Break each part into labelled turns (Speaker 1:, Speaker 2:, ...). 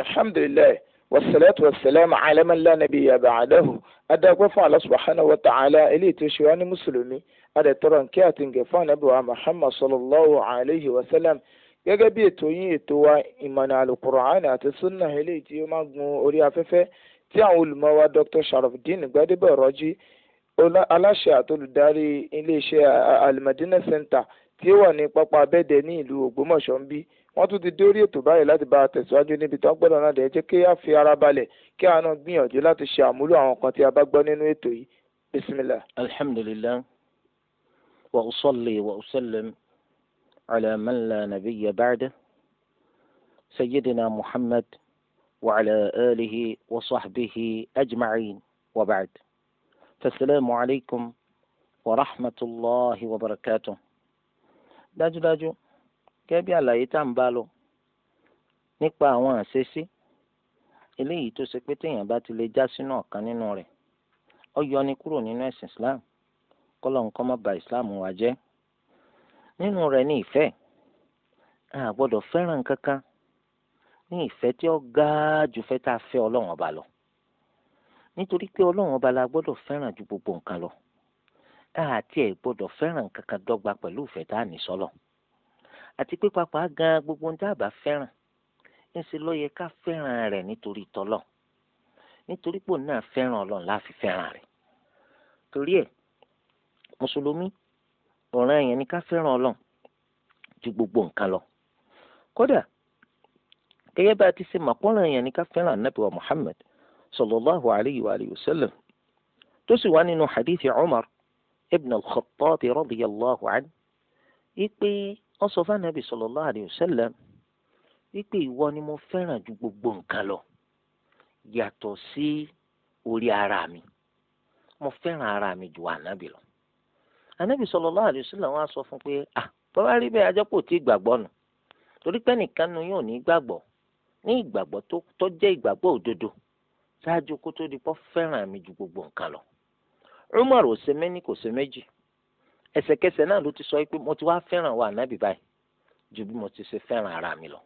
Speaker 1: الحمد لله والصلاة والسلام على من لا نبي بعده fún Allah subhanahu wa ta'ala eléyìí tó ṣe wá ní mùsùlùmí adẹ̀tọ́rọ̀ nkẹ́ àti ngẹ̀ fún anábìwá muhammad sallallahu alayhi wa sallam gẹ́gẹ́ bí ètò yín ètò wa ìmọ̀nà alukur'an àti sunna eléyìí tí ó máa gun orí afẹ́fẹ́ tí àwọn olùmọ̀ wa dr sharafdin gbadebo rọjí aláṣẹ àtolùdarí iléeṣẹ́ alimadina center tí ó wà ní pápá abẹ́dẹ ní ìlú ògbómọ̀ṣọ́ ń bí wọ́n tún ti dé orí ètò báyìí láti bá a tẹ̀síwájú níbi tó ń gbọ́dọ̀ náà dẹ̀ jẹ́ kí a fi ara balẹ̀ kí a náà gbìyànjú láti ṣe àmúlò àwọn kan tí a bá gbọ́ nínú ètò yìí bisimilá.
Speaker 2: alhamdulillah
Speaker 1: wa usalli wa usallim
Speaker 2: ala man la nabiyya ba'da sayidina muhammad wa ala alihi wa sahbihi ajma'in wa ba'd fasalaamu alaykum wa rahmatulahi wa barakatuh. dájúdájú. kẹ́bí àlàyé tá à ń bá lọ nípa àwọn àṣeṣe eléyìí tó ṣe pé téèyàn bá ti lè já sínú ọ̀kan nínú rẹ̀ ó yọni kúrò nínú ẹ̀sìn islam kọ́lọ̀ nǹkan má ba islam wa jẹ́ nínú rẹ̀ ní ìfẹ́ a gbọ́dọ̀ fẹ́ràn kankan ní ìfẹ́ tí ó ga jù fẹ́ tá a fẹ́ ọlọ́run ọba lọ nítorí pé ọlọ́run ọba la gbọ́dọ̀ fẹ́ràn ju gbogbo nǹkan lọ àti ẹ̀ gbọ́dọ̀ fẹ́ràn kankan dọ́gba pẹ̀lú ìfẹ́ tá a ní sọ́lọ̀. So àti pé pàápàá gan gbogbo ń dábà fẹ́ràn ńṣe ló yẹ ká fẹ́ràn rẹ̀ nítorí tọ́lọ̀ nítorí pò náà fẹ́ràn ọlọ́run láfi fẹ́ràn rẹ̀ torí ẹ̀ mùsùlùmí ọ̀ràn yẹn ni ká fẹ́ràn ọlọ́run ju gbogbo nǹkan lọ kódà gẹ́gẹ́ bá a ti ṣe mọ̀ yẹn ni ká fẹ́ràn ànábì wa Muhammad sallallahu alayhi wa alihi wa sallam tó sì wá nínú hadith Umar ibn al-Khattab radiyallahu anhu ipe wọ́n sọ fún anabi sallallahu alayhi wa sallam wípé ìwọ ni mo fẹ́ràn ju gbogbo nǹkan lọ yàtọ̀ sí orí ara mi mo fẹ́ràn ara mi ju anabi lọ anabi sallallahu alayhi wa sallam wọ́n á sọ fún pé ah bàbá rí bẹ́ẹ̀ ajẹ́pọ̀ tí ìgbàgbọ́ nù torí pé nìkan nu yóò ní gbàgbọ́ ní ìgbàgbọ́ tó jẹ́ ìgbàgbọ́ òdodo ṣáájú kó tó di pọ́ fẹ́ràn mi ju gbogbo nǹkan lọ Umar ò ṣe méní kò ṣe méjì ẹsẹ̀kẹsẹ̀ náà ló ti sọ pé mo ti wá fẹ́ràn wa ànábì báyìí ju bí mo ti ṣe fẹ́ràn ara mi lọ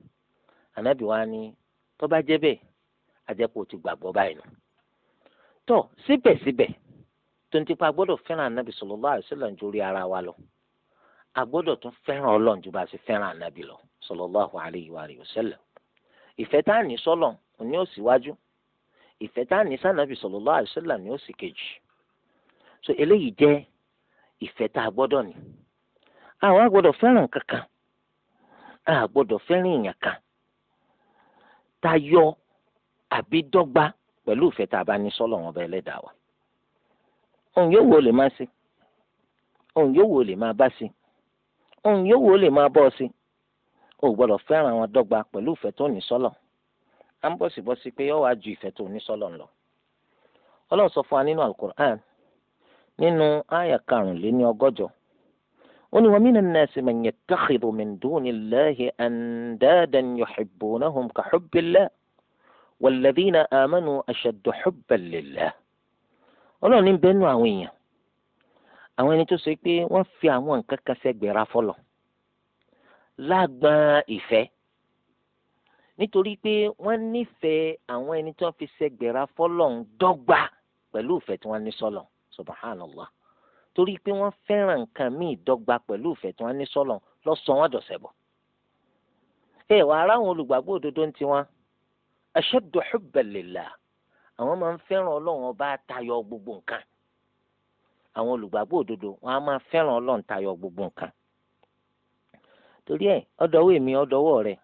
Speaker 2: ànábì wa ni tó bá jẹ́ bẹ́ẹ̀ ajẹ́pọ̀ ti gbàgbọ́ báyìí nù tó síbẹ̀síbẹ̀ tó ń tipa gbọ́dọ̀ fẹ́ràn ànábì sallallahu alaihi wasallam ju orí ara wa lọ a gbọ́dọ̀ tún fẹ́ràn ọlọ́run ju bá a ṣe fẹ́ràn ànábì lọ sallallahu alaihi wa alihi wasallam ìfẹ́ tá à ní sọ́lọ̀ ni ó síwájú ìfẹ́ tá à ní sànàbì sallallahu alaihi wasallam ni ó sì kejì so eléyìí jẹ́ ìfẹ́ tá a gbọ́dọ̀ ní àwa gbọ́dọ̀ fẹ́ràn kankan a gbọ́dọ̀ fẹ́ràn èèyàn kan tá a yọ àbí dọ́gba pẹ̀lú ìfẹ́ tá a bá ní sọ́lọ̀ wọn bẹ́ẹ̀ lẹ́dàá wa òun yóò wo lè máa ṣe òun yóò wo lè máa bá ṣe òun yóò wo lè máa bọ́ ṣe o gbọ́dọ̀ fẹ́ràn wọn dọ́gba pẹ̀lú ìfẹ́ tó ní sọ́lọ̀ à ń bọ̀sibọ́sí pé yọ wá ju ìfẹ́ tó ní sọ́lọ̀ lọ ọlọ́run sọ fún wa nínú alukur'an nínú àyà karùnléní ọgọ́jọ ó ní wa minan nasi man yattakhidhu min dunillahi andadan yuhibbunahum ka hubbillah walladhina amanu ashaddu hubban lillah ọlọ́run ní bẹ́ẹ̀ nù àwọn èèyàn àwọn ẹni tó sọ pé wọ́n fi àwọn nǹkan kan sẹ́gbẹ̀ẹ́ ra fọlọ̀ lágbọ́n ìfẹ́ nítorí pé wọ́n nífẹ̀ẹ́ àwọn ẹni tó fi sẹ́gbẹ̀ẹ́ ra ń dọ́gba pẹ̀lú ìfẹ́ tí wọ́n ní sọ́lọ̀ subhanallah torí pé wọ́n fẹ́ràn nǹkan míì dọ́gba pẹ̀lú ìfẹ́ tí wọ́n ní sọ́lọ̀ lọ́sàn-án wọn dọ̀sẹ̀ bọ̀. ẹ wà ara àwọn olùgbàgbọ́ òdodo ń tiwọn ashaddu hubban lillah àwọn máa ń fẹ́ràn ọlọ́run ọba tayọ gbogbo nǹkan àwọn olùgbàgbọ́ òdodo wọn á máa fẹ́ràn ọlọ́run tayọ gbogbo nǹkan. torí ẹ ọdọwọ èmi ọdọwọ rẹ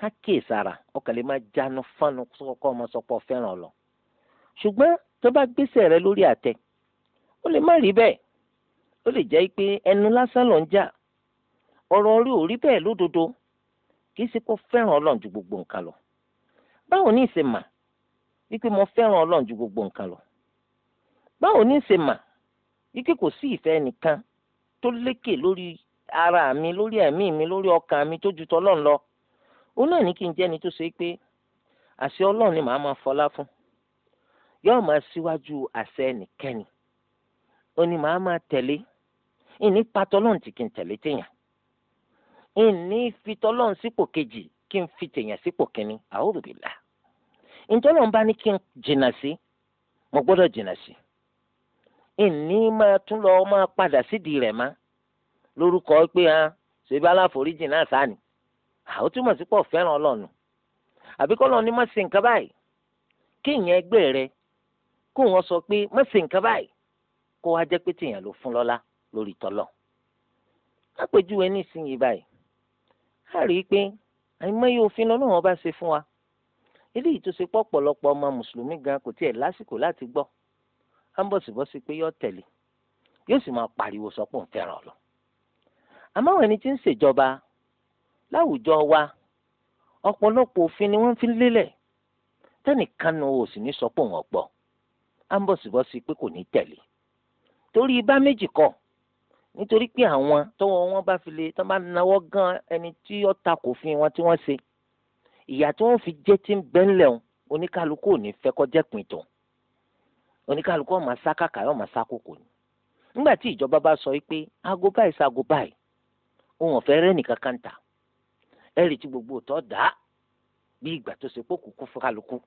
Speaker 2: ká kíyèsára ọkàn lè máa jánu fánu kọ́kọ́ ọmọ sọpọ̀ fẹ́ràn ọlọ ṣùgbọ́n tó bá gbéṣẹ́ rẹ lórí àtẹ ó lè má rí bẹ́ẹ̀ ó lè jẹ́ pé ẹnu lásán ló ń jà ọ̀rọ̀ orí ò rí bẹ́ẹ̀ lódodo kì í ṣe kó fẹ́ràn ọlọ́run ju gbogbo nǹkan lọ báwo ní ìṣe mà wípé mo fẹ́ràn ọlọ́run ju gbogbo nǹkan lọ báwo ní ìṣe mà wípé kò sí ìfẹ́ nìkan tó lékè lórí ara mi lórí ẹ̀mí mi lórí ọkàn mi tó ju tọlọ́run lọ òun náà ní kí n jẹ́ni tó ṣe pé àṣẹ ọlọ́run ni màá máa fọlá fún yóò máa síwájú àṣẹ ẹnikẹ́ni ó ní màá máa tẹ̀lé ìní patọ́lọ́n tí kì í tẹ̀lé téèyàn ìní fitọ́lọ́n sípò kejì kí n fi tèèyàn sípò kínní a'udhu billah ìjọlọ́n bá ní kí n jìnnà sí mo gbọ́dọ̀ jìnnà sí ìní máa tún lọ máa padà sídìí rẹ̀ má lórúkọ pé hàn ah, ṣèbí aláforíjì náà sáà ni àwọn túmọ̀ sí fẹ́ràn ọlọ́run àbí kọ́lọ́ ni má ṣe nǹkan báyìí kí ìyẹn ẹgbẹ́ rẹ kó wọn sọ pé má ṣe nǹkan báyìí kó wá jẹ́ pé tèèyàn ló fún lọ́lá lórí tọ́lọ̀ lápèjúwe nísìnyí báyìí a rí i pé àìmọye òfin lọ́lọ́run ọba ṣe fún wa eléyìí tó ṣe pọ̀ pọ̀lọpọ̀ ọmọ mùsùlùmí gan kò tiẹ̀ lásìkò láti gbọ́ á ń bọ̀sibọ́sí pé yóò tẹ̀lé yóò sì máa pariwo sọ́pọ̀ ń fẹ́ràn lọ. àmọ́ àwọn ẹni tí ń ṣèjọba láwùjọ wa ọ̀pọ̀lọpọ̀ òfin ni wọ́n fi lélẹ̀ tẹ́nìkan nu ò ní sọ́pọ̀ wọn gbọ́ á ń bọ̀sibọ́sí pé kò ní tẹ̀lé torí ibà méjì kọ́ nítorí pé àwọn tọ́wọ́ wọn bá fi lè tó bá nawọ́ gan ẹni tí ó ta kò fi wọn tí wọ́n ṣe ìyà tí wọ́n fi jẹ́ tí ń bẹ́ńlẹ̀ òun oníkálukú ò ní fẹ́ kọjá pin tán oníkálukú ọmọ sákàkà ọmọ sákòkò ni nígbà tí ìjọba bá sọ pé aago báyìí sago báyìí òun ọ̀fẹ́ rẹ́ nìkan kan tà ẹ̀rì tí gbogbo òtọ́ dá bí ìgbà tó ṣe pé kúkú fún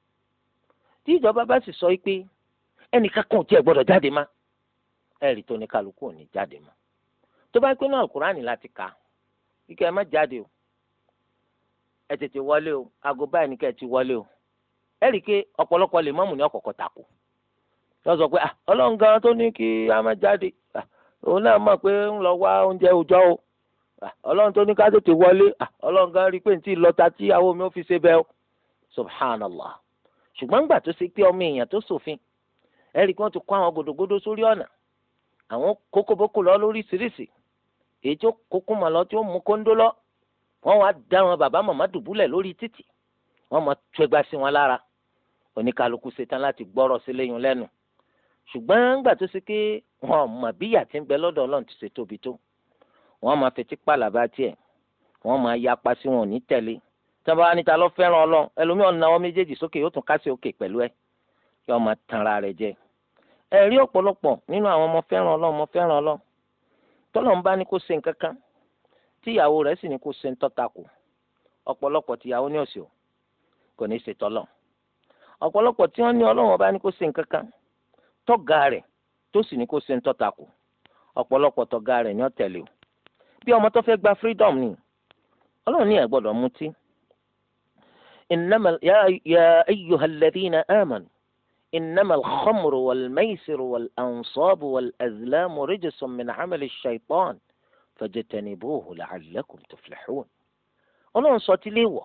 Speaker 2: tí ìjọba bá sì sọ pé ẹnìkan kan tiẹ̀ gbọ́dọ̀ jáde máa ẹ̀rí tó ní kálukú ò ní jáde mọ́ tó bá pínú alukurani láti ka kíkẹ́ ẹ má jáde o ẹ tètè wọlé o aago báyìí ní kẹ́ wọlé o Eri rí ọpọlọpọ le ọ̀pọ̀lọpọ̀ lè mọ́mù ní ọ̀kọ̀ọ̀kọ̀ tako sọ pé ah, ọlọ́run tó ní kí a má jáde ah, òun náà mọ̀ pé ń lọ wá oúnjẹ òòjọ́ o ah, ọlọ́run tó ní ká tètè wọlé ọlọ́run gan rí pé ní tí ó fi ṣe o subhanallah àwọn kókòbókò lọ lóríṣiríṣi èyí tó kókó mà lọ tí ó mú kóńdó lọ wọn wá dá wọn bàbá màmá dùbúlẹ̀ lórí títì wọn mọ tẹgbà sí wọn lára oníkálukú ṣetán láti gbọ́rọ̀ sí lẹ́yìn lẹ́nu ṣùgbọ́n ńgbà tó ṣe pé wọn mọ bíyà ti ń bẹ lọ́dọ̀ Ọlọ́run ti ṣe tóbi tó wọn máa fetí pàlàbà tiẹ̀ wọn máa yapa sí wọn ò ní tẹ̀lé tí wọn bá níta lọ fẹ́ràn Ọlọ́run ẹlòmíràn náà wọn méjèèjì sókè yóò tún kásẹ̀ òkè pẹ̀lú ẹ yóò máa tanra rẹ̀ jẹ ẹ̀rí ọ̀pọ̀lọpọ̀ nínú àwọn ọmọ fẹ́ràn ọlọ. ọmọ fẹ́ràn ọlọ́run tọ́lọ́run bá ní kó ṣe nǹkan kan rẹ̀ sì ní kó ń tọ́ta ní kò ní ṣe tọ́lọ̀ ọ̀pọ̀lọpọ̀ tí wọ́n ní ọlọ́run ọba ní kó nǹkan kan rẹ̀ tó sì ní kó ń ọ̀pọ̀lọpọ̀ rẹ̀ ní ọ̀tẹ̀lẹ̀ gba freedom ni ọlọ́run ní ya إنما الخمر والميسر والأنصاب والأزلام رجس من عمل الشيطان فاجتنبوه لعلكم تفلحون ọlọ́run sọ tí léèwọ̀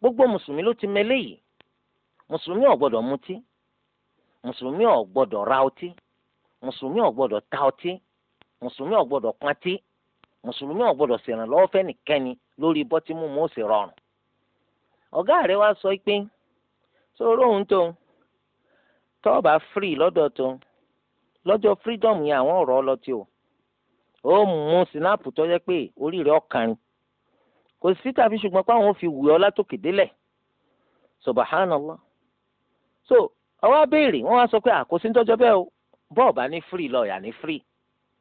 Speaker 2: gbogbo mùsùlùmí ló ti mẹ́lẹ́ yìí mùsùlùmí ò gbọ́dọ̀ mutí mùsùlùmí ò gbọ́dọ̀ ra ọtí mùsùlùmí ò gbọ́dọ̀ ta ọtí mùsùlùmí ò gbọ́dọ̀ pọntí mùsùlùmí ò gbọ́dọ̀ ṣèrànlọ́wọ́ fẹ́nìkẹ́ni lórí bọ́tí mímu ó sì rọrùn ọ̀gá rẹ̀ wá sọ pé sọ oróhùn tóun tọ́ bá free lọ́dọ̀ tó lọ́jọ́ freedom yẹn àwọn ọ̀rọ̀ ọlọ́tí o ó mú sinapu tó yẹ pé orí rẹ̀ ọkàn kò sí tàbí ṣùgbọ́n pé àwọn ò fi wù ọ́ látòkè délẹ̀ subhanallah so ọwọ́ béèrè wọ́n wá sọ pé àkóso ńtọ́jọ́ bẹ́ẹ̀ o bọ́ọ̀bà ní free lọ́ọ̀yà ní free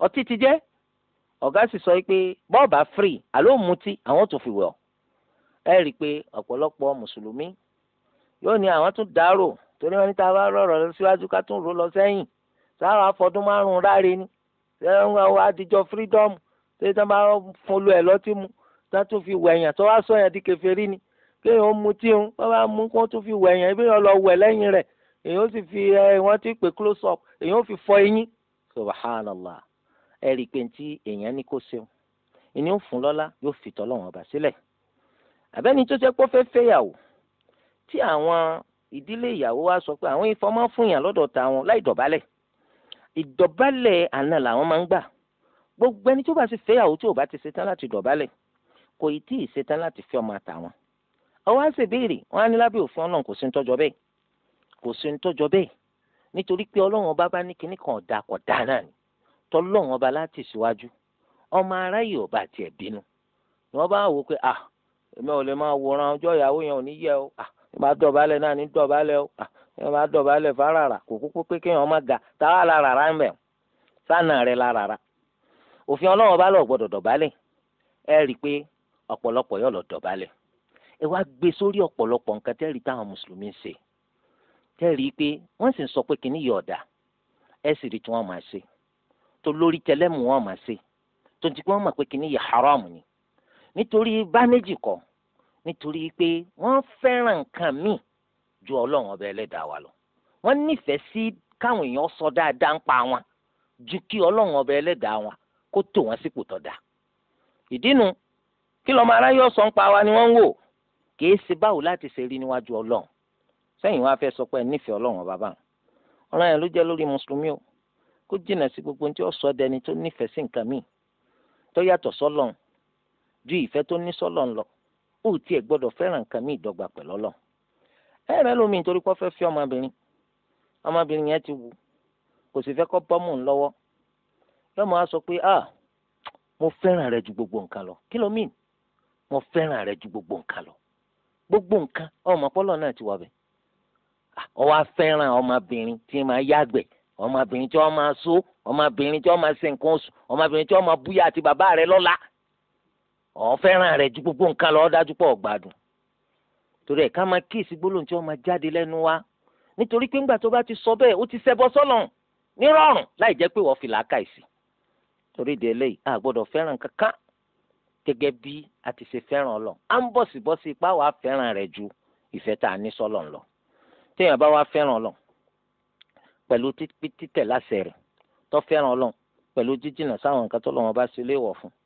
Speaker 2: ọtí ti jẹ́ ọ̀gá sì sọ pé bọ́ọ̀bà free àló mutí àwọn tó fi wẹ̀ ọ́ ẹ rí i pé ọ̀pọ̀lọpọ̀ mùsùlùmí yóò ní àwọn tún dárò torí wọn ní tá a bá rọrọ lọ síwájú ká tún rò lọ sẹ́yìn sáwọn afọdún márùnún ráre ni sẹ́wọ́n àwọn adijọ́ freedom tó tán bá fún lu ẹ̀ lọ́tí mu tán tún fi wẹ̀yàn tó wá sọ̀yàn di kèfèrí ni kéèyàn ó mu tí ń wọ́n bá mú kó tún fi wẹ̀yàn ibi yẹn lọ wẹ̀ lẹ́yìn rẹ̀ èyàn ó sì fi wọ́n ti pè close up èyàn ó fi fọ eyín subhanallah ẹ rí i pé tí èèyàn ní kó ṣeun ìní ń fún lọ́lá yóò fi tọ́lọ́wọ́n ọba sílẹ̀ àbẹ́ni tó jẹ́ pé ó fẹ́ fẹ́yàwó tí àwọn ìdílé ìyàwó wa sọ pé àwọn ìfọmọ́ fún yàn lọ́dọ̀ ta wọn láì dọ̀bálẹ̀ ìdọ̀bálẹ̀ àna làwọn máa ń gbà gbogbo ẹni tó bá ti fẹ́yàwó tí ò bá ti ṣetán láti dọ̀bálẹ̀ kò ì tí ì ṣetán láti fẹ́ ọmọ àtàwọn ọwọ́ á sì béèrè wọn á ní lábẹ́ òfin ọlọ́run kò sí ń tọ́jọ bẹ́ẹ̀ kò sí ń tọ́jọ bẹ́ẹ̀ nítorí pé ọlọ́run ọba bá ní kinní kan ọ̀dà kọ̀ dáa ni tọ́lọ́run ọba láti síwájú ọmọ aráyè ọba àti ẹ̀bínú ni wọ́n bá wò pé ah èmi ò lè máa wòran ọjọ́ ìyàwó yẹn ò ní yẹ o ah ìbá dọ̀bálẹ̀ náà ní dọ̀bálẹ̀ o ìyẹn ah, bá dọ̀bálẹ̀ fárara kò kúkú pé kéèyàn má ga táwa la rárá ń bẹ̀ sànà rẹ̀ òfin ọlọ́wọ́n bá lọ gbọ́dọ̀ dọ̀bálẹ̀ ẹ rí i pé ọ̀pọ̀lọpọ̀ yóò lọ dọ̀bálẹ̀ ẹ wá gbé sórí ọ̀pọ̀lọpọ̀ nǹkan tẹ́rì táwọn mùsùlùmí ń ṣe pé wọ́n sì ń sọ pé ọ̀dà ẹ sì rí tí wọ́n máa ṣe tó lórí tẹlẹ́mù máa ṣe tó ti pé wọ́n mọ̀ pé haram ni nítorí bá méjì nítorí pé wọ́n fẹ́ràn nǹkan míì ju ọlọ́run ọba ẹlẹ́dàá wa lọ wọ́n nífẹ̀ẹ́ sí káwọn èèyàn sọ dáadáa ń pa wọn ju kí ọlọ́run ọba ẹlẹ́dàá wọn kó tò wọ́n sípò tó dáa ìdínú kí lọ́mọ aráyé ọ̀sán ń pa wa ni wọ́n ń wò kì í ṣe báwo láti ṣe rí níwájú ọlọ́run sẹ́yìn wá fẹ́ sọ pé nífẹ̀ẹ́ ọlọ́run ọba bá ọ̀ràn yẹn ló jẹ́ lórí mùsùlùmí o kó jìnnà sí gbogbo tí ó sọ dẹni tó nífẹ̀ẹ́ sí nǹkan míì tó yàtọ̀ sọ́lọ́run ju ìfẹ́ tó ní sọ́lọ́run lọ ó tiẹ̀ gbọ́dọ̀ fẹ́ràn nǹkan mí ìdọ́gba pẹ̀lú ọlọ́run ẹ rẹ lómi nítorí pé ó fẹ́ fi ọmọbìnrin ọmọbìnrin yẹn ti wù kò sì fẹ́ kọ́ bọ́mù ńlọ́wọ́ yọmọ á sọ pé ah mo fẹ́ràn rẹ ju gbogbo nǹkan lọ kí ló mean mo fẹ́ràn rẹ ju gbogbo nǹkan lọ gbogbo nǹkan ọmọ ọpọlọ náà ti wà bẹ́ẹ̀ ó wá fẹ́ràn ọmọbìnrin tí máa yàgbẹ́ ọmọbìnrin tí wọ́n máa so ọmọbìnrin tí wọ́n máa ṣe nǹkan oṣù ọmọbìnrin tí wọ́n máa búyà àti bàbá rẹ lọ́la ó fẹ́ràn rẹ̀ ju gbogbo nǹkan lọ dájú pọ̀ gbádùn torí ẹ̀ ká máa kíyèsí gbólóhùn tí wọ́n máa jáde lẹ́nu wa nítorí pé ńgbà tó bá ti sọ bẹ́ẹ̀ ó ti ṣẹbọ sọ́nà nírọ̀rùn láì jẹ́ pé wọ́n fi làákàyèsí torí ìdí eléyìí a gbọ́dọ̀ fẹ́ràn kankan gẹ́gẹ́ bí a ti ṣe fẹ́ràn Ọlọ́run à ń bọ̀sibọ́sí ipá wa fẹ́ràn rẹ̀ ju ìfẹ́ tá a ní sọ́lọ́run lọ téèyàn bá wa fẹ́ràn Ọlọ́run pẹ̀lú títẹ̀ láṣẹ rẹ̀ tó fẹ́ràn Ọlọ́run pẹ̀lú jíjìnà sáwọn nǹkan tó lọ́wọ́ bá ṣe léèwọ̀ fún un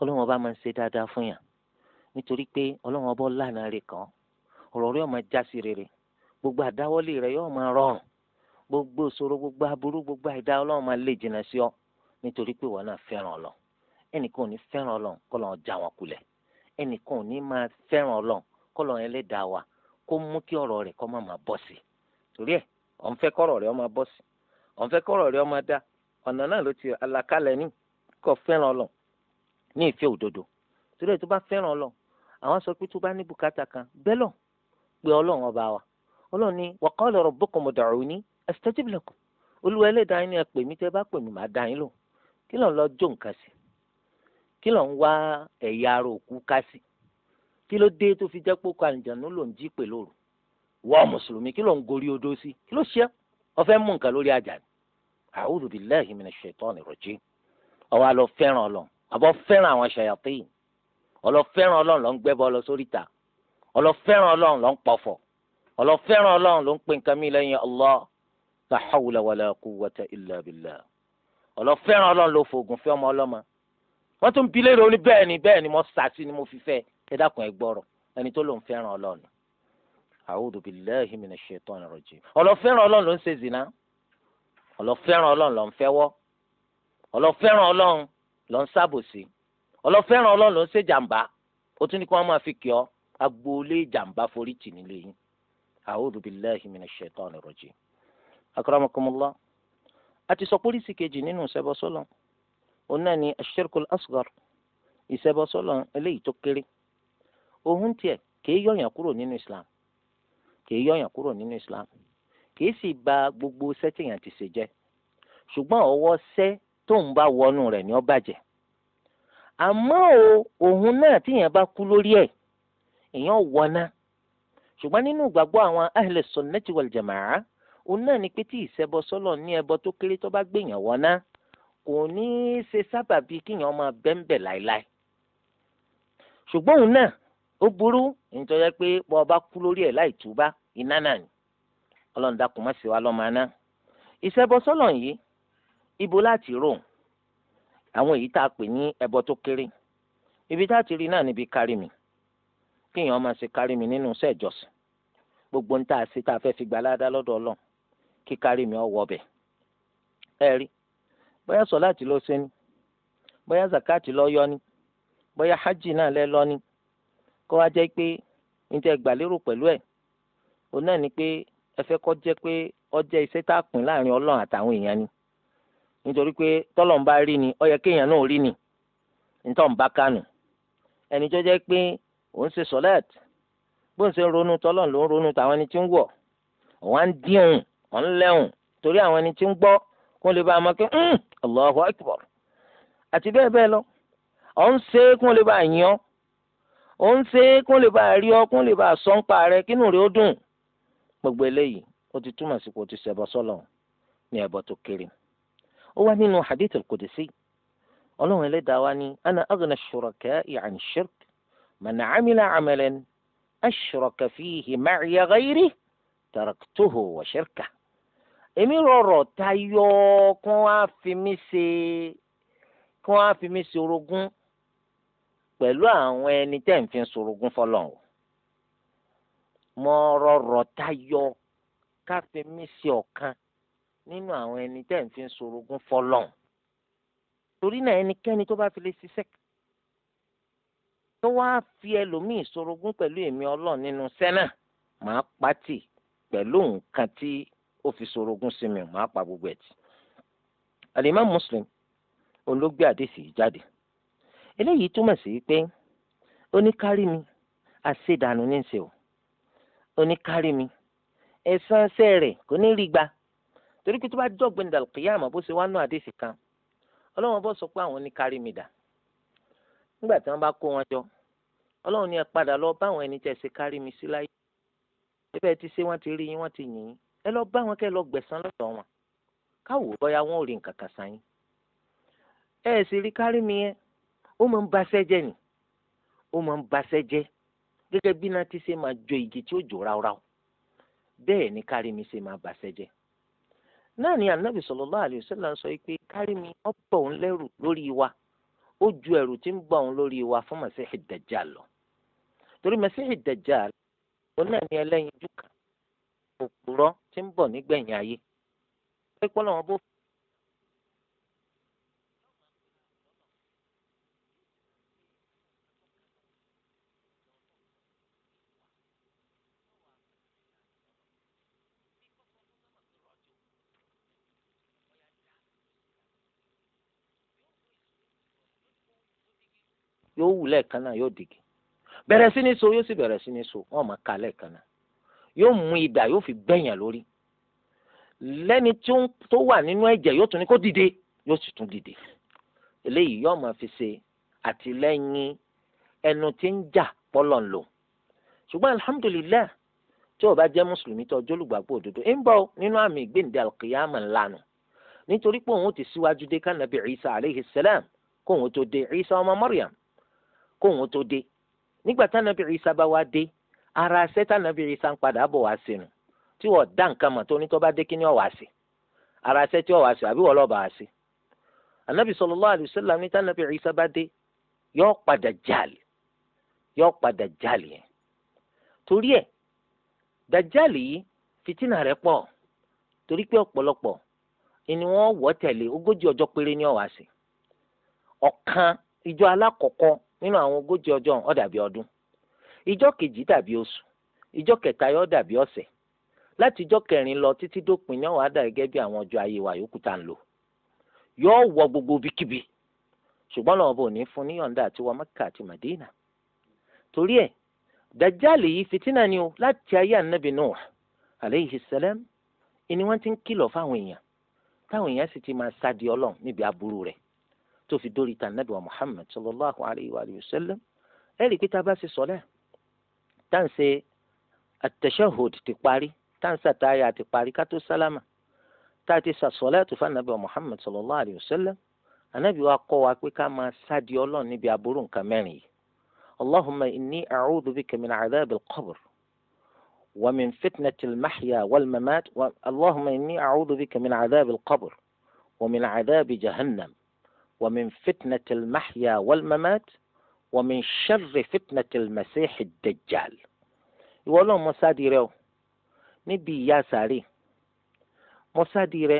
Speaker 2: ọlọ́run ọba máa ń ṣe dáadáa fún yàn nítorí pé ọlọ́run ọba lànà rẹ̀ kàn ọ̀rọ̀ rẹ̀ máa já sí rere gbogbo àdáwọ́lé rẹ̀ yóò máa rọrùn gbogbo ìṣòro gbogbo aburú gbogbo àìdá ọlọ́run máa lè jìnnà sí ọ nítorí pé ìwọ náà fẹ́ràn ọlọ́run ẹnìkan ò ní fẹ́ràn ọlọ́run kọ́ lọ́n já wọn kulẹ̀ ẹnìkan ò ní máa fẹ́ràn ọlọ́run kọ́ lọ́n ẹlẹ́dàá wa kó mú kí ọ̀rọ̀ rẹ̀ kọ́ máa bọ̀ sí torí ẹ̀ ọ̀n fẹ́ kọ́rọ̀ rẹ̀ máa bọ̀ sí ọ̀n fẹ́ kọ́rọ̀ rẹ̀ máa dá ọ̀nà náà ló ti àlàkalẹ̀ ní kó fẹ́ràn ọlọ́run ní ìfẹ́ òdodo torí ẹ̀ tó bá fẹ́ràn ọlọ́ àwọn sọ pé tó bá ní bùkátà kan bẹ́ẹ̀ lọ pé ọlọ́run ọba wa ọlọ́run ni wa qala rabbukum ud'uni astajib lakum olúwa ẹlẹ́dàá yín ni ẹ pè mí tẹ́ bá pè mí màá dá yín lò kí ló ń lọ jó nǹkan sí kí ló ń wá ẹ̀yà ara òkú ká sí kí ló dé tó fi jẹ́ pé kó àlùjànnú ló ń jí pè lóru wọ́ mùsùlùmí kí ló gorí odó sí kí ló ṣe ọ mú nǹkan lórí àjà ni a'udhu billahi minash shaitani rajim ó wá lọ fẹ́ràn àbọ̀ fẹ́ràn àwọn ṣàyàtìn ọlọ́fẹ́ràn ọlọ́run ló ń gbẹ́bọ lọ sóríta ọlọ́fẹ́ràn ọlọ́run ló ń pọ̀fọ̀ ọlọ́fẹ́ràn ọlọ́run ló ń pè nǹkan mi lẹ́yìn Allah la hawla wala quwwata illa billah ọlọ́fẹ́ràn ọlọ́run ló fògùn fẹ́ ọmọ ọlọ́mọ wọ́n tún bi léèrè oní bẹ́ẹ̀ ni bẹ́ẹ̀ ni mo sàṣì ni mo fi fẹ́ ẹ dákun ẹ gbọ́rọ̀ ẹni tó lòun fẹ́ràn ọlọ́run a'udhu billahi minash shaitani rajim ọlọ́fẹ́ràn ọlọ́run ló ń ṣe zina ọlọ́run lọ ń sábòsí ọlọ́fẹ́ràn ọlọ́run ló ń ó tún ní kí wọ́n máa fi kí ọ agboolé ìjàmbá forí tì nílé yín a'udhu billahi a ti sọ kejì nínú ìṣẹ́bọsọ́lọ̀ òun náà ni ìṣẹ́bọsọ́lọ̀ eléyìí tó kéré òun tiẹ̀ yọ̀yàn islam yọ̀yàn kúrò nínú islam tóun bá wọnú rẹ̀ ni ó bàjẹ́ àmọ́ o òun náà tíyẹn bá kú lórí ẹ̀ èèyàn wọná ṣùgbọ́n nínú ìgbàgbọ́ àwọn ahlẹ sunnati wal jamaa òun náà ni pé tí ìṣẹbọ sọlọ ní ẹbọ tó kéré tó bá gbèyàn wọná kò ní í ṣe sábàbí kíyàn máa bẹ́ńbẹ̀ láéláé ṣùgbọ́n òun náà ó burú nítorí pé bọ́ ọba kú lórí ẹ̀ láì túbá iná náà ni ọlọ́run dákun má ṣe wá ìṣẹbọ sọlọ yìí ibo láti rò àwọn èyí tá a pè ní ẹbọ tó kéré ibi tá a ti rí náà níbi kárí mi kéèyàn máa ṣe kárí mi nínú iṣẹ́ ìjọsìn gbogbo ń tá a ṣe tá a fẹ́ fi gbalada lọ́dọ̀ ọlọ́run kí kárí mi ọwọ́ ọbẹ̀ ẹ rí bóyá sọ láti lọ ṣe ni bóyá zakati lọ yọ ni bóyá hajj náà lẹ lọ ni kó wá jẹ́ pé n tẹ́ gbàlérò pẹ̀lú ẹ̀ òun náà ni pé ẹ fẹ́ kọ́ jẹ́ pé ọjẹ́ iṣẹ́ tá a pín láàrin ọlọ́run àtàwọn èèyàn ni nítorí pé tọ́lọ̀ ń bá rí ni ó yẹ kéèyàn náà rí ni nítorí ń bá kánù ẹni tó jẹ́ pé òun ṣe sọ́lẹ́t bó ń ṣe ń ronú tọ́lọ̀ ló ń ronú tàwọn ẹni tí ń wọ̀ òun á ń díhùn òun lẹ́hùn torí àwọn ẹni tí ń gbọ́ kó lè bá a máa kí Allahu Akbar àti bẹ́ẹ̀ bẹ́ẹ̀ lọ òun ṣe é kó lè bá a yan òun ṣe é kó lè bá a rí ọ kó lè bá a sọ ń pa rẹ kínú rẹ ó dùn gbogbo eléyìí ó ti túmọ̀ sí pé ó ti ṣẹbọ sọ́lọ̀ ní ẹbọ tó kéré ó wá nínú hadith al-qudsi ọlọ́run ẹlẹ́dàá wa ní ana aghna ash-shuraka'i 'an ash-shirk man 'amila 'amalan ashraka fihi ma'iya ghayri taraktuhu èmi rọrọ̀ tayọ kí wọ́n fi mí ṣe kí wọ́n fi mí ṣe orogún àwọn ẹni tẹ́ ń fi sorogún fọlọ́n mo rọrọ̀ tayọ ká fi mí ṣe ọ̀kan nínú àwọn ẹni tẹ́ ń fi ń sorogún fọlọ́n torí náà ẹnikẹ́ni tó bá fi lè ṣiṣẹ́ tó wáá fi ẹlòmíì sorogún pẹ̀lú èmi ọlọ́run nínú sẹ́nà màá pàtì pẹ̀lú nǹkan tí ó fi sorogún sí mi màá pa gbogbo ẹ̀ tì. Al-Imam Muslim olóògbé àdìsí jáde eléyìí túmọ̀ sí pé oníkárí mi àṣedànù ní í ṣe o oníkárí mi ẹ̀san ṣẹ́ rẹ̀ kò ní rí gbà torí pé tó bá dọ̀gbìn dàlùkìyàmọ̀ bó ṣe wá nù àdéṣe kan ọlọ́run bọ́ sọ pé àwọn ní kárí mi dà nígbà tí wọ́n bá kó wọn jọ ọlọ́run ní ẹ padà lọ bá àwọn ẹni tẹ̀ ṣe kárí mi sí láyé ẹbẹ̀ ti ṣe wọ́n ti rí yín wọ́n ti yìn yín ẹ lọ bá wọn kẹ́ lọ gbẹ̀san lọ́dọ̀ wọn káwò bọ́yá wọn ò rí nǹkan kan sáyìn ẹ ẹ sì rí kárí mi yẹn ó máa ń baṣẹ́ jẹ́ ni ó máa ń baṣẹ́ jẹ́ gẹ́gẹ́ bí náà ti ṣe máa jo igi tí ó jò ráúráú bẹ́ẹ̀ ni kárí mi ṣe máa baṣẹ́ jẹ́ naanị ni anabi sallallahu nsọ wa sallam sọ pé kárí mi lori bọ̀ òun lẹ́rù lórí wa ó ju ẹ̀rù tí ń bọ̀ òun lórí wa fún lọ torí masihi dajjal òun náà ni ẹlẹ́yinjú kan òpùrọ́ tí ń ayé yóò wù lẹ́ẹ̀kan náà yóò dìgì bẹ̀rẹ̀ sí ní so yóò sì bẹ̀rẹ̀ sí ní so wọ́n máa ka lẹ́ẹ̀kan náà yóò mú idà yóò fi gbẹ̀yàn lórí lẹ́ni tó wà nínú ẹ̀jẹ̀ yóò tún ní kó dìde yóò sì tún dìde eléyìí yóò máa fi ṣe àtìlẹ́yìn ẹnu tí ń jà pọ́lọ̀ ń lò ṣùgbọ́n alhamdulilayi tí o bá jẹ́ mùsùlùmí tó jólùgbàgbọ́ òdodo ń bọ̀ nínú àmì ìgbéǹde alkiyama ńlanu nítorí pé òun ti síwájú dé kánàbì Isa aleyhi salam kóun tó dé Isa ọmọ Maryam kóhun tó dé nígbà tánàbì Ìsá bá wá dé ara ṣẹ tánàbì Ìsá ń padà bọ̀ wá sínú tí wọ́n dá nǹkan mọ̀ tó ní tó bá dé kí ni ọ̀wá sí ara ase tí ọ̀wá sí àbí wọ́n lọ́ọ́ bá wá sí. anabi sallallahu alaihi wasallam ní tánàbì Ìsá bá yọ padà yọ padà yẹn torí yìí torí pé ọpọlọpọ, ni ogójì péré sí nínú àwọn ogójì ọjọ́ ó dàbí ọdún ìjọ kejì dàbí oṣù ìjọ kẹta yóò dàbí ọ̀sẹ̀ láti ìjọ kẹrin lọ títí dópin náà wàá dà gẹ́gẹ́ bí àwọn ọjọ́ ayé wa yòókù tá à ń lò yóò wọ gbogbo bíkíbi ṣùgbọ́n lọ́wọ́ bò ní fún níyọ̀ǹda àti wọ Mẹ́kà àti Màdínà torí ẹ̀ dàjáàlì yìí fìtínà ni o láti ayé ànábì Nuh alayhi salam ìní wọ́n ti ń kìlọ̀ fáwọn èèyàn táwọn èèyàn sì ti máa sá di Ọlọ́run níbi aburú rẹ̀ tó fi dórí ta nàbẹ̀wá Muhammad sallallahu alayhi wa sallam ẹ rí i pé tá a bá ṣe sọlẹ tá n ṣe at-tashahhud ti parí tá n ṣàtàyà ti parí ká tó sálámà tá a ti ṣàṣọlẹ tó fún nàbẹ̀wá Muhammad sallallahu alayhi wa sallam anabi wa kọ́ wa pé ká máa sádi ọlọ́run níbi aburú nǹkan mẹ́rin yìí allahumma inni a'udhu bika min adhabil qabr wa min fitnatil mahya wal mamat wa allahumma inni a'udhu bika min adhabil qabr wa min adhabi jahannam ومن فتنة المحيا والممات ومن شر فتنة المسيح الدجال ìwọ Ọlọ́run mọ́sáàdì rẹ o níbi ìyà sàárè mọ́sáàdì rẹ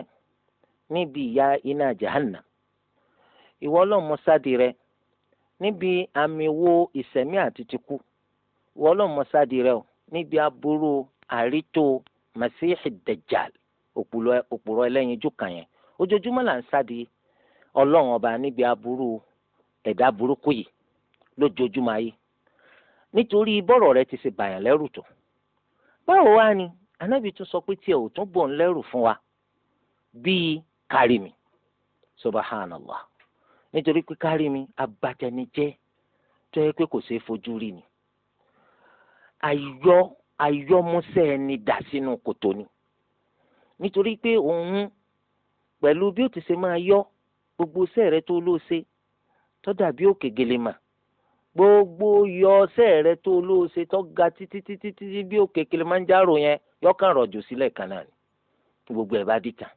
Speaker 2: níbi ìyà iná jahanna ìwọ Ọlọ́run mọ́sáàdì rẹ níbi àmì wo ìṣẹ̀mí àti tìkú ìwọ Ọlọ́run mọ́sáàdì rẹ o níbi aburú àrító Masihi Dajjal òpùrọ̀ ẹlẹ́yinjú kan yẹn ojoojúmọ́ là ń sáàdì ọlọ́run ọba níbi aburú ẹ̀dá burúkú yìí lójoojúmọ́ ayé nítorí bọ́rọ̀ rẹ ti ṣe bàyàn lẹ́rù tó báwo wá ni anábì tún sọ pé tiẹ̀ ò tún bọ̀ ń lẹ́rù fún wa bíi kárìmì subhanallah nítorí pé kárìmì abatẹnijẹ́ tó yẹ pé kò ṣeé fojú rí ni ayọ́ ayọ́músẹ́ ẹni dà sínú kòtò ni nítorí pé òun pẹ̀lú bí ó ti ṣe máa yọ́ gbogbo sẹ́ẹ̀rẹ́ tó ló ṣe tó dàbí òkè gèlèmà gbogbo yọ sẹ́ẹ̀rẹ́ tó ló ṣe tó ga títí títí títí bí òkè Kilimanjaro yẹn yọkàn rọjò sílẹ̀ kan náà ni gbogbo ẹ̀ bá dìtà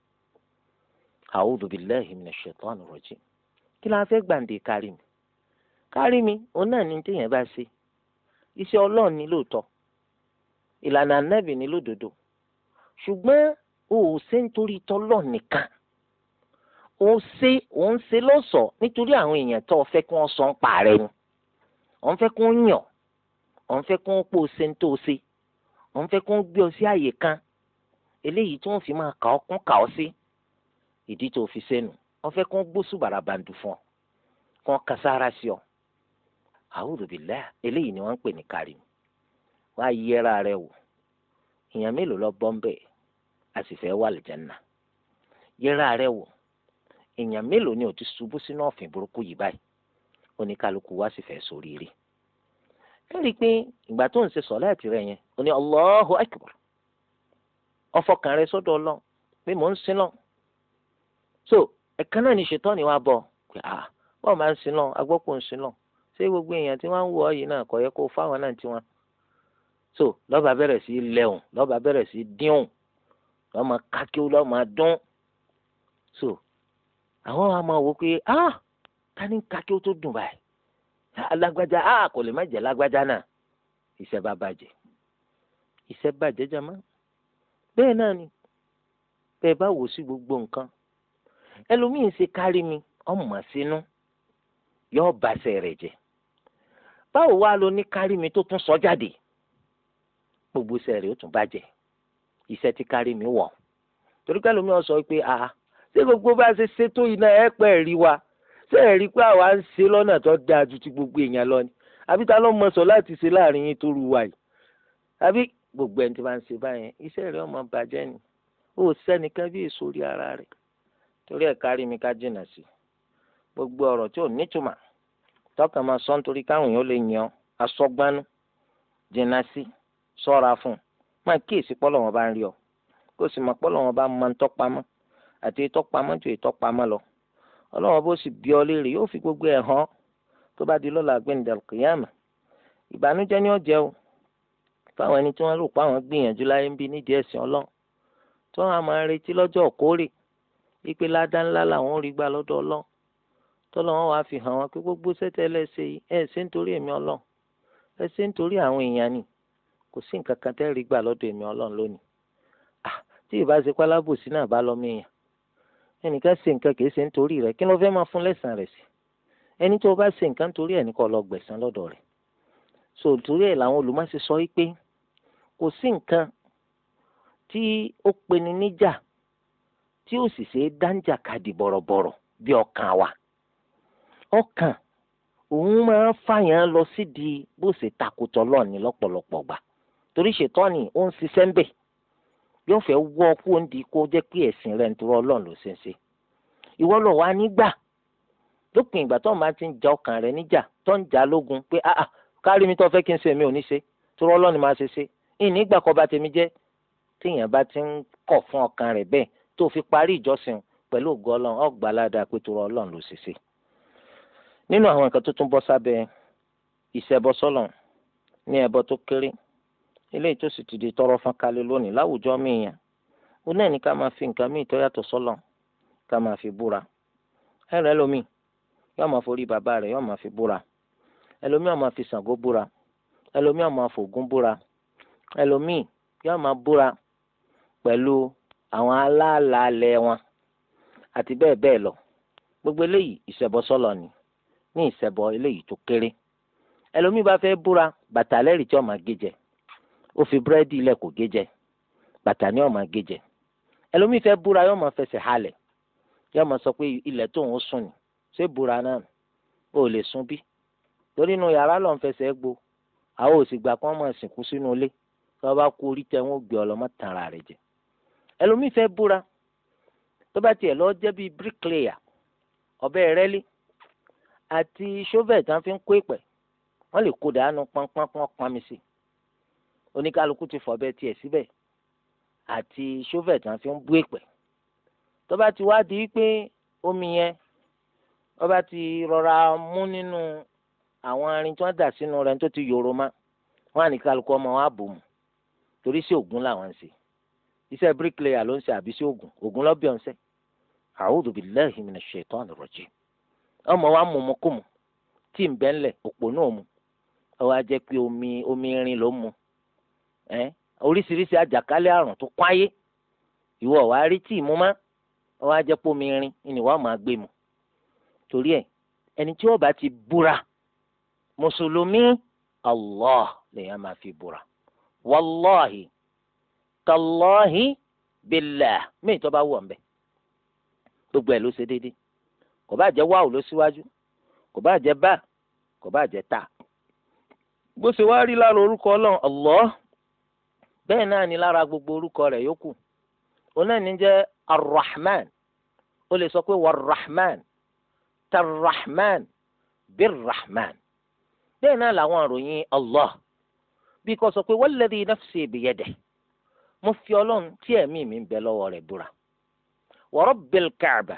Speaker 2: a'udhu billahi minash shaitani rajim kí la fẹ́ gbàǹdè kárí mi kárí mi òun náà ni téèyàn bá ṣe iṣẹ́ ọlọ́run ni lóòótọ́ ìlànà anábì ni lódodo ṣùgbọ́n o ò ṣe nítorí tọ́lọ́ nìkan ò ń ṣe ò ń ṣe lọ́sọ̀ nítorí àwọn èèyàn tó fẹ́ kí wọ́n sọ ń pa rẹ ni ò ń fẹ́ kí wọ́n yàn ò ń fẹ́ kí wọ́n pò ṣe ń tó ṣe ò ń fẹ́ kí wọ́n gbé ọ sí àyè kan eléyìí tí wọ́n fi máa kà ọ́ kún kà ọ́ sí ìdí tó fi sẹ́nu wọ́n fẹ́ kí wọ́n gbóṣù bàràbàǹdù fún ọ kí wọ́n kasára sí ọ àwùrùbílẹ̀ eléyìí ni wọ́n ń pè ní kárìm wàá yẹra rẹ wò èèyàn mélòó lọ bọ́ ń bẹ̀ àsìfẹ́ wà lìjẹ́ nà yẹra rẹ wò èèyàn mélòó ni ò ti ṣubú sínú ọ̀fìn burúkú yìí báyìí oníkálukú wá sì fẹ́ sórí rí ẹ rí i pé ìgbà tó ń ṣe sọ̀láàtì rẹ̀ yẹn ó ní Allahu Akbar ọfọkàn rẹ sọ́dọ̀ Ọlọ́run pé mò ń sin so ẹ̀ka náà ni ṣètọ́ni wa bọ̀ pé ah bọ́ọ̀ máa ń sin lọ agbọ́pọ̀ ń sin lọ ṣé gbogbo èèyàn tí wọ́n ń wọ̀ yìí náà kò yẹ kó fáwọn náà tiwọn so lọ́ba bẹ̀rẹ̀ sí lẹ́hùn lọ́ba bẹ́rẹ̀ sí díhùn lọ́mọ kákíó lọ́mọ dún so àwọn àmọ́ wò pé ah tani ni ká kí ó tó dùn báyìí alágbájá ah kò lè má jẹ́ lágbájá náà iṣẹ́ bá bàjẹ́ iṣẹ́ bàjẹ́ jama bẹ́ẹ̀ náà ni bẹ́ẹ̀ bá wò sí gbogbo nǹkan ẹlòmíín ṣe kárí mi ọmọ sínú yóò bàṣẹ rẹ̀ jẹ́ báwo wá lo ní kárí mi tó tún sọ jáde gbogbo iṣẹ́ rẹ̀ ó tún bàjẹ́ iṣẹ́ tí kárí mi wọ̀ torí pé ẹlòmíín sọ pé ah ṣé gbogbo bá ṣe ṣètò iná ẹ pẹ́ rí wa ṣé ẹ rí pé àwa ń ṣe lọ́nà tó dáa ju ti gbogbo èèyàn lọ ni àbí ta ló mọ̀ sọ láti ṣe láàrin yín tó ru wa yìí àbí gbogbo ẹni tí wọ́n ń ṣe báyẹn iṣẹ́ rẹ̀ ọmọ bàjẹ́ ni ó sẹ́nìkan bí èso rí ara rẹ̀ torí ẹ̀ kárí mi ká jìnnà sí gbogbo ọ̀rọ̀ tí ò nítumọ̀ tọkàn máa sọ nítorí káwọn èèyàn lè yan asọgbánú jìnnà sí ṣọ́ra fún un máa kíyèsí pọ́lọ́ wọn bá ń rí ọ kó sì mọ̀ pọ́lọ́ wọn bá mọ ń tọ́pamọ́ àti ìtọ́pamọ́ ju ìtọ́pamọ́ lọ ọlọ́wọ́ bó sì bí ọ léèrè yóò fi gbogbo ẹ̀ hàn tó bá di lọ́la gbẹ̀ndẹ̀l kìyàmà ìbànújẹ́ ni ó jẹ́ o fáwọn ẹni tí wọ́n rò páwọn gbìyànjú láyé ń bí nídìí ẹ̀sìn ọlọ́ tí wọ́n á máa retí lọ́jọ́ òkórè ipe ládá ńlá làwọn ò rí gbà lọ́dọ̀ ọlọ́ tọ́lọ́ wọn wàá fi hàn wọn pé gbogbo sẹ́tẹ̀ ẹlẹ́sẹ̀ ẹ̀ ṣe nítorí èmi ọlọ́ ẹ̀ ṣe nítorí àwọn èèyàn ni kò sí nǹkan kan tẹ́ rí gbà lọ́dọ̀ èmi ọlọ́ lónìí ah, tí ìbá ṣe pálábòsí náà bá lọ́mọ èèyàn ẹnìkan ṣe nǹkan kìí ṣe nítorí rẹ̀ kí ló fẹ́ máa fún lẹ́sàn rẹ̀ sí ẹni tó bá ṣe nǹkan torí ẹ̀ ní kó lọ gbẹ̀san lọ́dọ̀ rẹ̀ so torí ẹ̀ làwọn olùmọ̀ọ́sí sọ wípé kò sí nǹkan tí ó peni níjà tí ó sì ṣe é dáńjà kadì bọ̀rọ̀bọ̀rọ̀ bí ọkàn wa ọkàn òun máa ń fàyàn lọ sídìí bó ṣe takùtọ̀ lọ́ọ̀ni lọ́pọ̀lọpọ̀ gbà torí ṣètọ́ni ó ń ṣiṣẹ́ ń bẹ̀ yóò fẹ́ wọ́ kó ń di kó jẹ́ pé ẹ̀sìn rẹ̀ ń tọrọ ọlọ́run ló ṣe ń ṣe ìwọ lọ wá nígbà lópin ìgbà tó máa ti ń ja ọkàn rẹ níjà tó ń jà lógun pé ah ah kárí mi tó fẹ́ kí n ṣe mi ò ní ṣe tọrọ ọlọ́run máa ṣe ṣe ìní ìgbà kọ́ bá tèmi jẹ́ téèyàn bá ti ń kọ̀ fún ọkàn rẹ̀ bẹ́ẹ̀ tó fi parí ìjọsìn pẹ̀lú ògo ọlọ́run ọgbàládà pé tọrọ ọlọ́run ló ṣe ṣe nínú àwọn nǹkan tó tún bọ́ sábẹ́ ìṣẹ́bọ sọ́lọ̀ ní ẹbọ tó eléyìí tó sì ti di tọrọ fún kalẹ̀ lónìí láwùjọ mìíyàn ó náà ní ká máa fi nǹkan míì tó yàtọ̀ sọ́lọ̀ ká máa fi búra ẹ̀rẹ̀ lómi yóò máa forí bàbá rẹ̀ yóò máa fi búra ẹlòmíì yóò máa fi Ṣàngó búra ẹlòmíì yóò máa fògún búra ẹlòmíì yóò máa búra pẹ̀lú àwọn aláàlálẹ̀ wọn àti bẹ́ẹ̀ bẹ́ẹ̀ lọ gbogbo eléyìí ìṣẹ̀bọ sọ́lọ̀ ni ní ìṣẹ̀bọ eléyìí tó kéré ẹlòmíì bá fẹ́ búra bàtà lẹ́rìí tí ó máa gé jẹ ó fi búrẹ́dì ilẹ̀ kò gé jẹ bàtà ni ó máa gé jẹ ẹlòmíì fẹ́ búra yóò máa fẹsẹ̀ halẹ̀ yóò máa sọ pé ilẹ̀ tóun ó sùn ni ṣé búra náà ò lè sùn bí torí inú yàrá ló ń fẹsẹ̀ gbo àwọn òsìgbà kan máa sìnkú sínú ilé tí bá kú orí tẹ wọn ó gbé ọlọ́mọ tàn ara rẹ̀ jẹ ẹlòmíì fẹ́ búra tó bá tiẹ̀ lọ jẹ́ bíi bricklayer ọ̀bẹ ìrẹ́lé àti shovel tí wọ́n fi ń kó ìpẹ́ wọ́n lè kó dànù pọnpọ́npọ́n pamisi oníkálukú ti fọ̀bẹ tiẹ̀ síbẹ̀ àti ṣófẹ̀ tí wọ́n fi ń bú èpẹ̀ tó bá ti wá di pé omi yẹn ó bá ti rọra mú nínú àwọn arin tí wọ́n dà sínú rẹ̀ tó ti yòrò ma wọ́n á ọmọ wọn bò mù torí sí ògùn làwọn ń ṣe iṣẹ́ bíríkìlẹ̀yà ló ń ṣe àbí sí ògùn ògùn lọ́bẹ̀ ọ̀sẹ̀ a'udhu billahi minash shaitani rajim ọmọ wa mú mu kú mu tí ń bẹ́ńlẹ̀ òpó náà mu ó wá pé omi omi irin ló mu ẹ oríṣiríṣi àjàkálẹ̀ àrùn tó kwáyé ìwọ wàá rí tíì mú má wọn á jẹ́ pómi irin ni wàá máa gbé mu torí ẹ ẹni tí wọn bá ti búra mùsùlùmí allah lèèyàn máa fi búra wàláhì tàláhì billah míì tó bá wọ̀ ńbẹ gbogbo ẹ̀ ló ṣe déédéé kò bá jẹ́ wáwù ló síwájú kò bá jẹ́ bá kò bá jẹ́ tà. bó ṣe wá rí lára orúkọ ọlọ́run allah bẹ́ẹ̀ náà ni lára gbogbo orúkọ rẹ̀ yòókù òun náà ní jẹ́ arrahman ó lè sọ pé warrahman tarrahman birrahman bẹ́ẹ̀ náà làwọn àròyìn allah bí kò sọ pé walladhi nafsi biyadihi mo fi ọlọ́run tí ẹ̀mí mi ń bẹ lọ́wọ́ rẹ̀ búra wa rabbil kààbà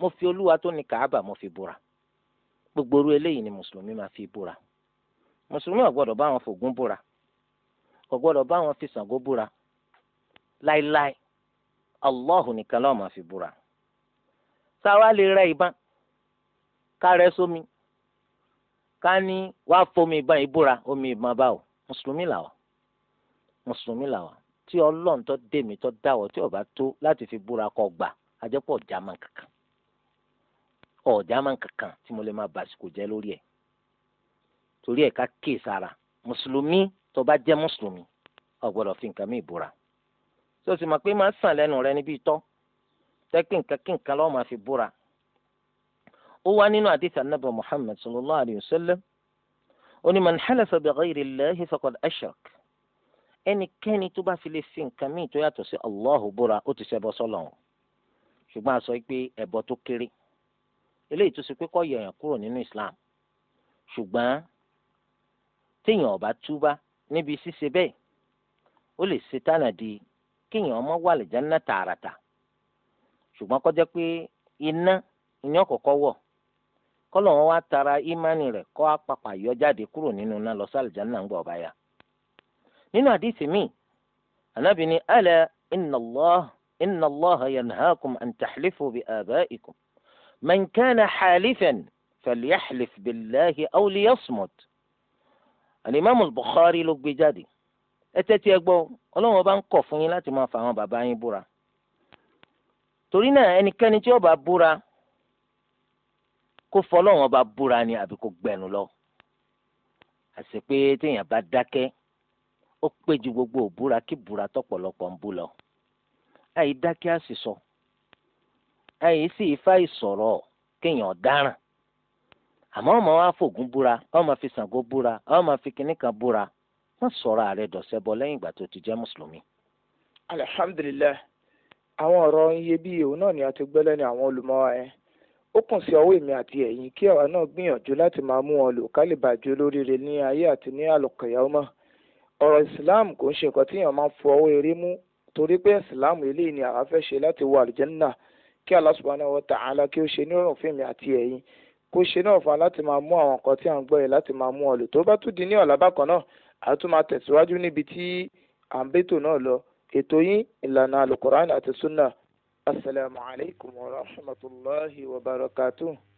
Speaker 2: mo fi olúwa tó ní kààbà mo fi búra gbogbo orú eléyìí ni mùsùlùmí máa fi búra mùsùlùmí ò bá wọn fògùn búra kò gbọ́dọ̀ bá wọn fi Ṣàngó búra láíláí Allahu nìkan ló máa fi búra sáwa lè ra ìbọn ká rẹ sómi ká ní wàá fomi ìbọn ìbúra omi ìbọn báwo mùsùlùmí làwà mùsùlùmí làwà tí ọlọ́run tó dèmí tó dáwọ́ tí ọba tó láti fi búra kọ gbà ajẹ́pọ̀ ọ̀já máa kankan ọ̀já máa kankan tí mo lè máa bàṣìkò jẹ́ lórí ẹ̀ torí ẹ̀ ká kíyèsára mùsùlùmí tó bá jẹ́ mùsùlùmí o gbọ́dọ̀ fi nǹkan mi búra tó o sì mọ̀ pé máa ń sàn lẹ́nu rẹ níbi ìtọ́ tẹ́kí nǹkan kí nǹkan lọ́wọ́ máa fi búra ó wá nínú àdìsí anábọ̀ Muhammad sallallahu alayhi wa sallam ó ní man halafa bi ghayri Allahi faqad ashrak ẹnikẹ́ni tó bá fi lè fi nǹkan míì tó yàtọ̀ sí Allahu búra ó ti ṣẹbọ sọ́lọ́run ṣùgbọ́n a sọ pé ẹ̀bọ tó kéré eléyìí tó ṣe pé kó yọ kúrò nínú Islam ṣùgbọ́n téèyàn ò bá túbá níbi ṣíṣe bẹ́ẹ̀ ó lè ṣe tánàdì kéèyàn ọmọ wà lìjánná tààràtà ṣùgbọ́n kọjá pé iná ìyẹn kọ̀kọ́ wọ̀ kọ́lọ̀ wọn wá tara ímánì rẹ̀ kọ́ apapà yọ jáde kúrò nínú iná lọ sí àlìjánná ńgbà ọ̀bá ya nínú àdìsí míì ànábì ni ala inna Allah inna Allah yanhaakum an tahlifu bi abaikum man kana halifan falyahlif billahi aw liyasmut alimami Bukhari ló gbé jáde ẹ tẹ́tí ẹ gbọ́ ọlọ́run ọba ń kọ̀ fún yín láti máa fa àwọn bàbá yín búra torí náà ẹnikẹ́ni tí ó bá búra kó fọlọ́run ọba búra ni àbí kó gbẹnu lọ àṣẹ pé téèyàn bá dákẹ́ ó pé ju gbogbo òbúra kí búra tọ̀pọ̀lọpọ̀ ń bú lọ àyè dákẹ́ àṣìṣọ àyè sì ifá ìsọ̀rọ̀ kéèyàn dáràn àmọ́ ọmọ wa fògùn búra ọmọ fi Ṣàngó búra ọmọ fi kinní kan búra wọ́n sọ̀rọ̀ ààrẹ dọ̀sẹ́bọ lẹ́yìn ìgbà tó ti jẹ́ mùsùlùmí.
Speaker 1: alihamdulilayi àwọn ọ̀rọ̀ iyebíye òun náà ni a ti gbọ́ lẹ́nu àwọn olùmọ̀ ẹ̀ ó kàn sí ọwọ́ èmi àti ẹ̀yin kí àwa náà gbìyànjú láti máa mú wọn lò ká olóríire ní ayé àti ní àlùkàyàwó ọ̀rọ̀ ìsìláàmù kò ń ṣe nǹkan tíyàn máa ń fọ ọwọ́ eré mú torí pé ìsìláàmù eléyìí ni àwa fẹ́ ṣe láti wọ àlùjànnà kí Allah subhanahu wa ta'ala kí ó ṣe nírọ̀rùn fún èmi àti ẹ̀yin kó ṣe náà fún wa láti máa mú àwọn nǹkan tí à ń gbọ́ yìí láti máa mú ọ lò tó bá tún di ní ọ̀la bákan náà a tún máa tẹ̀síwájú níbi tí à ń bẹ́tò náà lọ ètò yín ìlànà alukoran àti sunna asalaamualeykum wa rahmatulahi wa barakatuh.